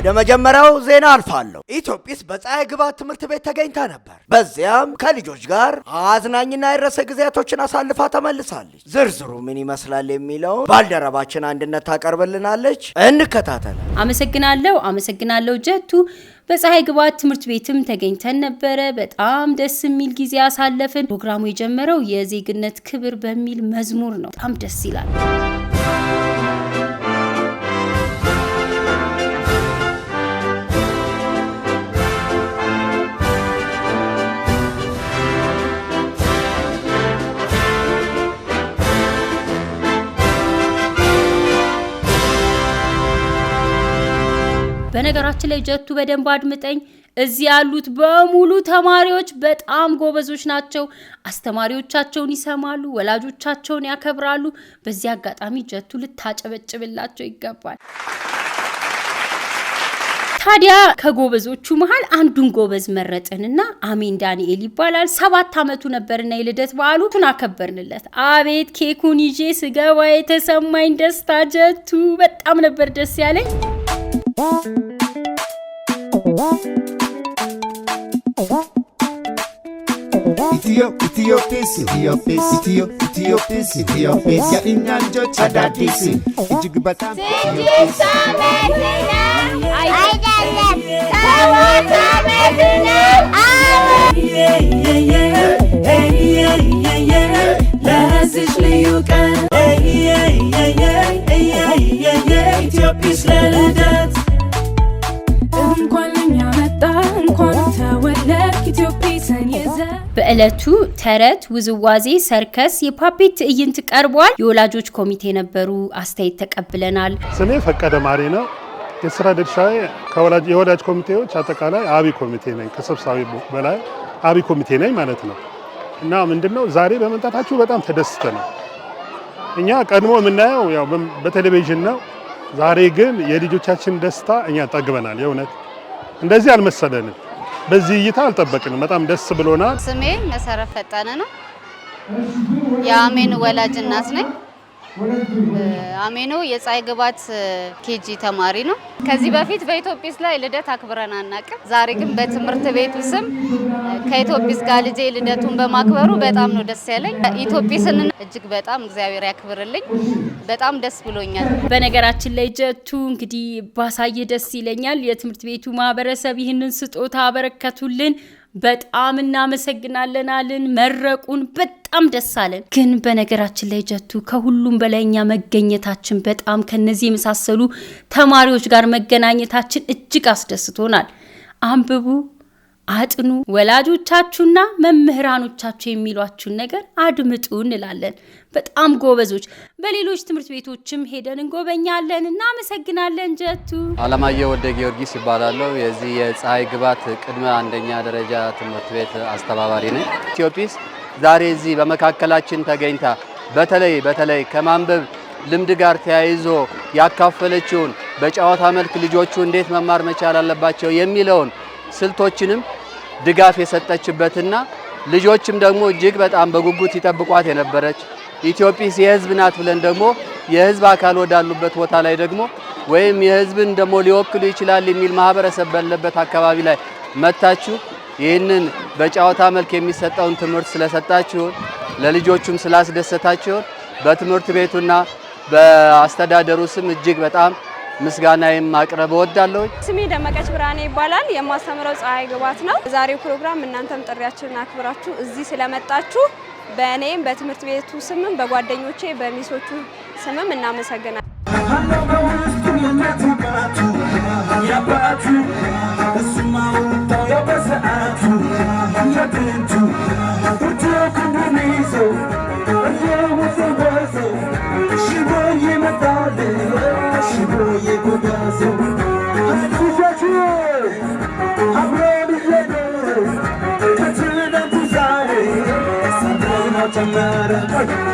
ወደ መጀመሪያው ዜና አልፋለሁ። ኢትዮጵስ በፀሐይ ግባት ትምህርት ቤት ተገኝታ ነበር። በዚያም ከልጆች ጋር አዝናኝና የረሰ ጊዜያቶችን አሳልፋ ተመልሳለች። ዝርዝሩ ምን ይመስላል የሚለው ባልደረባችን አንድነት ታቀርብልናለች። እንከታተል። አመሰግናለሁ፣ አመሰግናለሁ ጀቱ። በፀሐይ ግባት ትምህርት ቤትም ተገኝተን ነበረ። በጣም ደስ የሚል ጊዜ አሳለፍን። ፕሮግራሙ የጀመረው የዜግነት ክብር በሚል መዝሙር ነው። በጣም ደስ ይላል። በነገራችን ላይ ጀቱ በደንብ አድምጠኝ። እዚህ ያሉት በሙሉ ተማሪዎች በጣም ጎበዞች ናቸው። አስተማሪዎቻቸውን ይሰማሉ፣ ወላጆቻቸውን ያከብራሉ። በዚህ አጋጣሚ ጀቱ ልታጨበጭብላቸው ይገባል። ታዲያ ከጎበዞቹ መሀል አንዱን ጎበዝ መረጥንና አሜን ዳንኤል ይባላል። ሰባት ዓመቱ ነበርና የልደት ቱን አከበርንለት። አቤት ኬኩን ይዤ ስገባ የተሰማኝ ደስታ ጀቱ በጣም ነበር ደስ ያለኝ። Ethiopia, Ethiopia, Ethiopia, Ethiopia, Ethiopia, Ethiopia. ya inyanjo chadadisi, ijugubatam. Ethiopia, Ethiopia, Ethiopia, Ethiopia, Ethiopia, Ethiopia. Ethiopia, Ethiopia, Ethiopia, Ethiopia. Ethiopia, Ethiopia, Ethiopia, Ethiopia. Ethiopia, Ethiopia, Ethiopia, Ethiopia. Ethiopia, Ethiopia, Ethiopia, Ethiopia. በዕለቱ ተረት፣ ውዝዋዜ፣ ሰርከስ፣ የፓፔት ትዕይንት ቀርቧል። የወላጆች ኮሚቴ ነበሩ፣ አስተያየት ተቀብለናል። ስሜ ፈቀደ ማሪ ነው። የስራ ድርሻዬ የወላጅ ኮሚቴዎች አጠቃላይ አቢ ኮሚቴ ነኝ። ከሰብሳቢ በላይ አቢ ኮሚቴ ነኝ ማለት ነው። እና ምንድነው ዛሬ በመምጣታችሁ በጣም ነው። እኛ ቀድሞ የምናየው ያው በቴሌቪዥን ነው። ዛሬ ግን የልጆቻችን ደስታ እኛ ጠግበናል። የእውነት እንደዚህ አልመሰለንም። በዚህ እይታ አልጠበቅንም። በጣም ደስ ብሎናል። ስሜ መሰረት ፈጠነ ነው። የአሜን ወላጅ እናት ነኝ። አሜኖ የፀሐይ ግባት ኬጂ ተማሪ ነው። ከዚህ በፊት በኢትዮጲስ ላይ ልደት አክብረን አናውቅም። ዛሬ ግን በትምህርት ቤቱ ስም ከኢትዮጲስ ጋር ልጄ ልደቱን በማክበሩ በጣም ነው ደስ ያለኝ። ኢትዮጲስን እጅግ በጣም እግዚአብሔር ያክብርልኝ። በጣም ደስ ብሎኛል። በነገራችን ላይ ጀቱ እንግዲህ ባሳየ ደስ ይለኛል። የትምህርት ቤቱ ማህበረሰብ ይህንን ስጦታ አበረከቱልን። በጣም እናመሰግናለን አልን። መረቁን፣ በጣም ደስ አለን። ግን በነገራችን ላይ ጀቱ ከሁሉም በላይ እኛ መገኘታችን በጣም ከነዚህ የመሳሰሉ ተማሪዎች ጋር መገናኘታችን እጅግ አስደስቶናል። አንብቡ አጥኑ፣ ወላጆቻችሁና መምህራኖቻችሁ የሚሏችሁን ነገር አድምጡ እንላለን። በጣም ጎበዞች። በሌሎች ትምህርት ቤቶችም ሄደን እንጎበኛለን። እናመሰግናለን። ጀቱ አለማየሁ ወደ ጊዮርጊስ ይባላለሁ። የዚህ የፀሐይ ግባት ቅድመ አንደኛ ደረጃ ትምህርት ቤት አስተባባሪ ነኝ። ኢትዮጵስ ዛሬ እዚህ በመካከላችን ተገኝታ በተለይ በተለይ ከማንበብ ልምድ ጋር ተያይዞ ያካፈለችውን በጨዋታ መልክ ልጆቹ እንዴት መማር መቻል አለባቸው የሚለውን ስልቶችንም ድጋፍ የሰጠችበትና ልጆችም ደግሞ እጅግ በጣም በጉጉት ይጠብቋት የነበረች ኢትዮጲስ የህዝብ ናት ብለን ደግሞ የህዝብ አካል ወዳሉበት ቦታ ላይ ደግሞ ወይም የህዝብን ደግሞ ሊወክሉ ይችላል የሚል ማህበረሰብ ባለበት አካባቢ ላይ መታችሁ ይህንን በጨዋታ መልክ የሚሰጠውን ትምህርት ስለሰጣችሁን ለልጆቹም ስላስደሰታችሁን በትምህርት ቤቱና በአስተዳደሩ ስም እጅግ በጣም ምስጋናዬም ማቅረብ እወዳለሁ። ስሜ ደመቀች ብርሃኔ ይባላል። የማስተምረው ፀሐይ ግባት ነው። ዛሬው ፕሮግራም እናንተም ጥሪያችንን አክብራችሁ እዚህ ስለመጣችሁ በእኔም በትምህርት ቤቱ ስምም በጓደኞቼ በሚሶቹ ስምም እናመሰግናል። 15일 무벼슬 부사주 아브라함이 예배를 다채난 부산을 사랑은 어쩜 말아